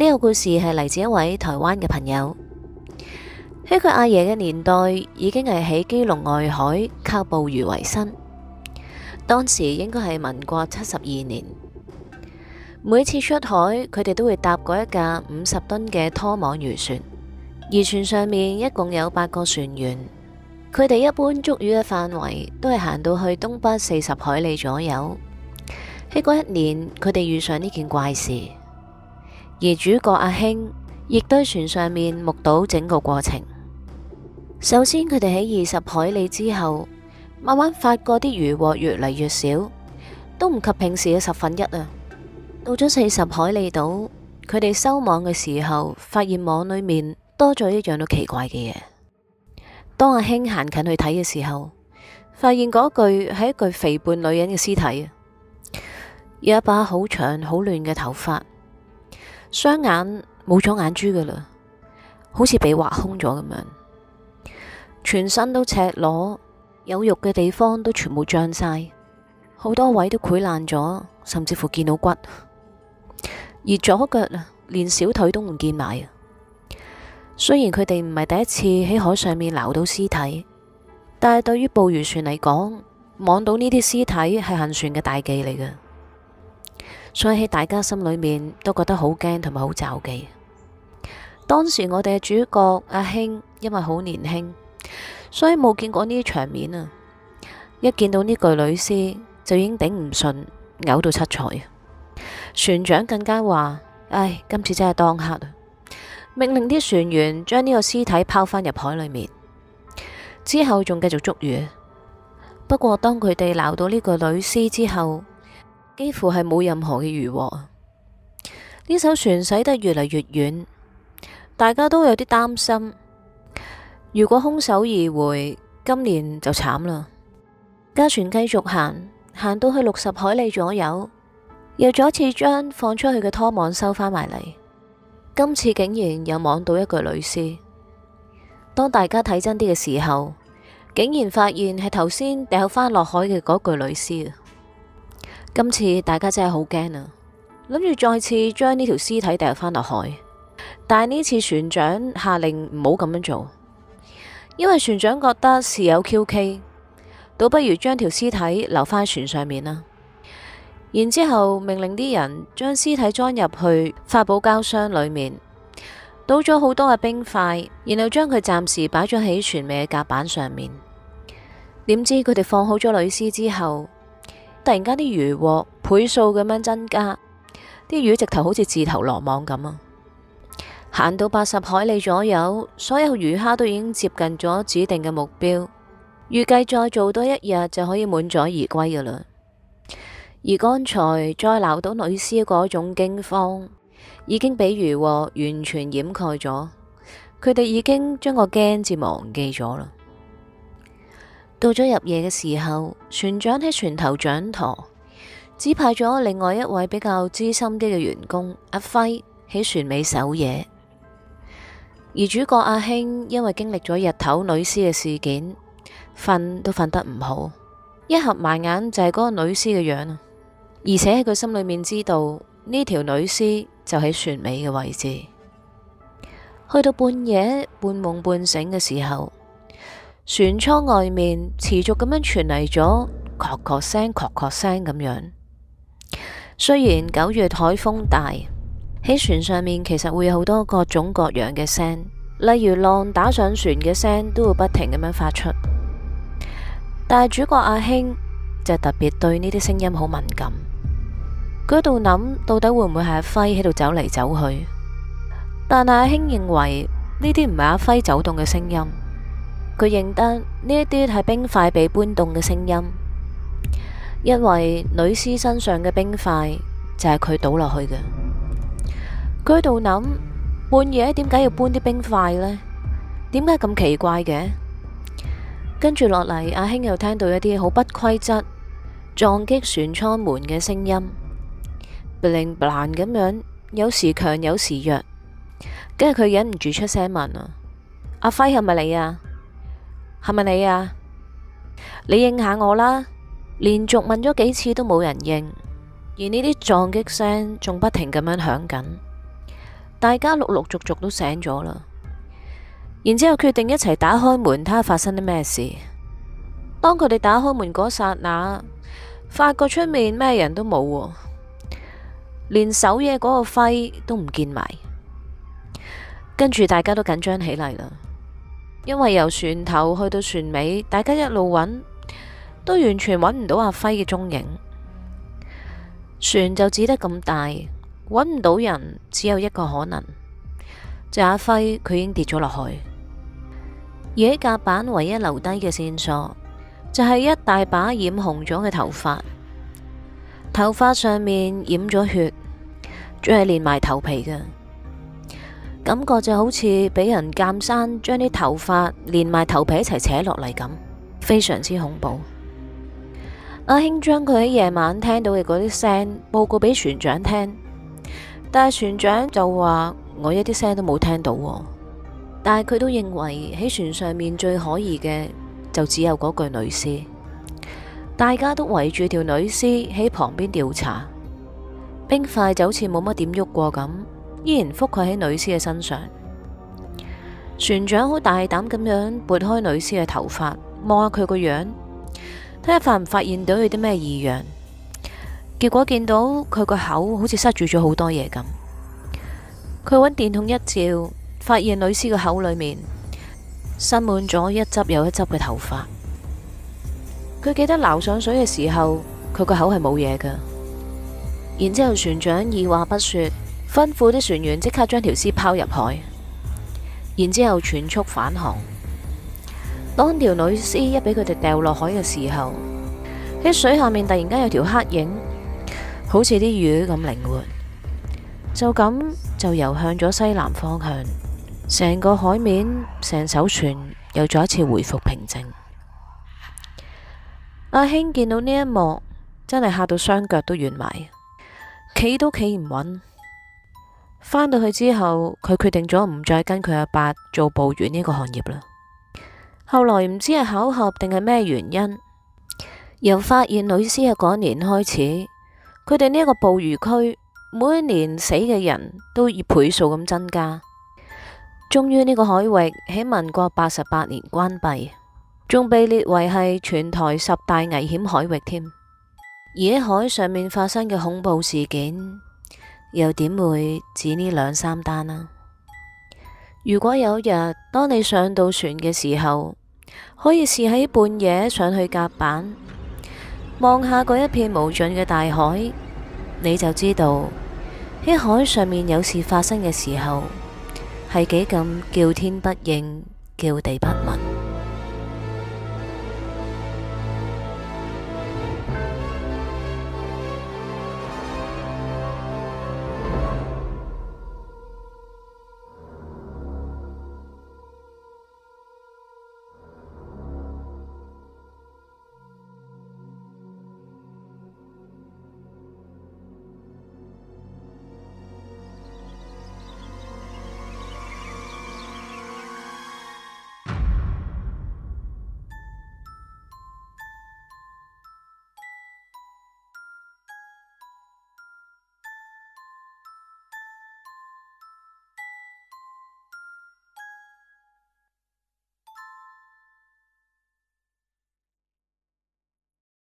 呢個故事係嚟自一位台灣嘅朋友。喺佢阿爺嘅年代，已經係喺基隆外海靠捕魚為生。當時應該係民國七十二年。每次出海，佢哋都會搭嗰一架五十噸嘅拖網漁船，而船上面一共有八個船員。佢哋一般捉魚嘅範圍都係行到去東北四十海里左右。喺嗰一年，佢哋遇上呢件怪事。而主角阿興亦都喺船上面目睹整個過程。首先，佢哋喺二十海里之後，慢慢發覺啲漁獲越嚟越少，都唔及平時嘅十分一啊。到咗四十海里島，佢哋收網嘅時候，發現網裏面多咗一樣都奇怪嘅嘢。當阿興行近去睇嘅時候，發現嗰具係一具肥胖女人嘅屍體啊，有一把好長好亂嘅頭髮。雙眼冇咗眼珠噶啦，好似被挖空咗咁樣，全身都赤裸，有肉嘅地方都全部脹晒，好多位都潰爛咗，甚至乎見到骨。而左腳啊，連小腿都唔見埋啊！雖然佢哋唔係第一次喺海上面撈到屍體，但係對於捕魚船嚟講，望到呢啲屍體係行船嘅大忌嚟嘅。所以喺大家心裏面都覺得好驚同埋好棹忌。當時我哋嘅主角阿興因為好年輕，所以冇見過呢啲場面啊！一見到呢具女屍就已經頂唔順，嘔到七彩。船長更加話，唉，今次真係當黑啊！命令啲船員將呢個屍體拋翻入海裏面，之後仲繼續捉魚。不過當佢哋撈到呢具女屍之後，幾乎係冇任何嘅漁獲。呢艘船駛得越嚟越遠，大家都有啲擔心。如果空手而回，今年就慘啦。家船繼續行，行到去六十海里左右，又再次將放出去嘅拖網收返埋嚟。今次竟然有網到一具女屍。當大家睇真啲嘅時候，竟然發現係頭先掉返落海嘅嗰具女屍。今次大家真係好驚啊！諗住再次將呢條屍體掉翻落海，但係呢次船長下令唔好咁樣做，因為船長覺得事有蹊蹺，倒不如將條屍體留返船上面啦。然之後命令啲人將屍體裝入去發泡膠箱裏面，倒咗好多嘅冰塊，然後將佢暫時擺咗喺船尾嘅甲板上面。點知佢哋放好咗女屍之後，突然間啲漁獲倍數咁樣增加，啲魚直頭好似自投羅網咁啊！行到八十海里左右，所有魚蝦都已經接近咗指定嘅目標，預計再做多一日就可以滿載而歸㗎喇。而剛才再鬧到女屍嗰種驚慌，已經俾漁獲完全掩蓋咗，佢哋已經將個驚字忘記咗啦。到咗入夜嘅時候，船長喺船頭掌舵，指派咗另外一位比較資深啲嘅員工阿輝喺船尾守夜。而主角阿興因為經歷咗日頭女屍嘅事件，瞓都瞓得唔好，一合埋眼就係嗰個女屍嘅樣。而且喺佢心裏面知道呢條、這個、女屍就喺船尾嘅位置。去到半夜半夢半醒嘅時候。船艙外面持續咁樣傳嚟咗咔咔聲、咔咔聲咁樣。雖然九月海風大，喺船上面其實會有好多各種各樣嘅聲，例如浪打上船嘅聲都會不停咁樣發出。但係主角阿興就特別對呢啲聲音好敏感，佢喺度諗到底會唔會係阿輝喺度走嚟走去。但阿興認為呢啲唔係阿輝走動嘅聲音。佢認得呢一啲係冰塊被搬動嘅聲音，因為女屍身上嘅冰塊就係佢倒落去嘅。佢喺度諗，半夜點解要搬啲冰塊呢？點解咁奇怪嘅？跟住落嚟，阿興又聽到一啲好不規則撞擊船艙門嘅聲音，bling bling 咁樣，有時強有時弱。跟住佢忍唔住出聲問啊：阿輝係咪你啊？係咪你啊？你應下我啦！連續問咗幾次都冇人應，而呢啲撞擊聲仲不停咁樣響緊。大家陸陸續續都醒咗啦，然之後決定一齊打開門睇下發生啲咩事。當佢哋打開門嗰剎那，發覺出面咩人都冇，連守夜嗰個輝都唔見埋，跟住大家都緊張起嚟喇。因為由船頭去到船尾，大家一路揾都完全揾唔到阿輝嘅蹤影。船就只得咁大，揾唔到人，只有一個可能，就係阿輝佢已經跌咗落去。而喺甲板唯一留低嘅線索，就係一大把染紅咗嘅頭髮，頭髮上面染咗血，仲係連埋頭皮嘅。感覺就好似俾人鑒山將啲頭髮連埋頭皮一齊扯落嚟咁，非常之恐怖。阿興將佢喺夜晚聽到嘅嗰啲聲報告俾船長聽，但係船長就話我一啲聲都冇聽到。但係佢都認為喺船上面最可疑嘅就只有嗰具女屍，大家都圍住條女屍喺旁邊調查。冰塊就好似冇乜點喐過咁。依然覆蓋喺女屍嘅身上。船長好大膽咁樣撥開女屍嘅頭髮，望下佢個樣，睇下發唔發現到有啲咩異樣。結果見到佢個口好似塞住咗好多嘢咁。佢揾電筒一照，發現女屍嘅口裏面塞滿咗一執又一執嘅頭髮。佢記得撈上水嘅時候，佢個口係冇嘢㗎。然之後船長二話不說。吩咐啲船員即刻將條屍拋入海，然之後全速返航。當條女屍一俾佢哋掉落海嘅時候，喺水下面突然間有條黑影，好似啲魚咁靈活，就咁就游向咗西南方向。成個海面，成艘船又再一次回復平靜。阿興見到呢一幕，真係吓到雙腳都軟埋，企都企唔穩。返到去之後，佢決定咗唔再跟佢阿爸，爸做捕魚呢個行業啦。後來唔知係巧合定係咩原因，由發現女屍嘅嗰年開始，佢哋呢一個捕魚區每年死嘅人都以倍數咁增加。終於呢個海域喺民國八十八年關閉，仲被列為係全台十大危險海域添。而喺海上面發生嘅恐怖事件。又點會只呢兩三單呢、啊？如果有日當你上到船嘅時候，可以試喺半夜上去甲板，望下嗰一片無盡嘅大海，你就知道喺海上面有事發生嘅時候係幾咁叫天不應，叫地不聞。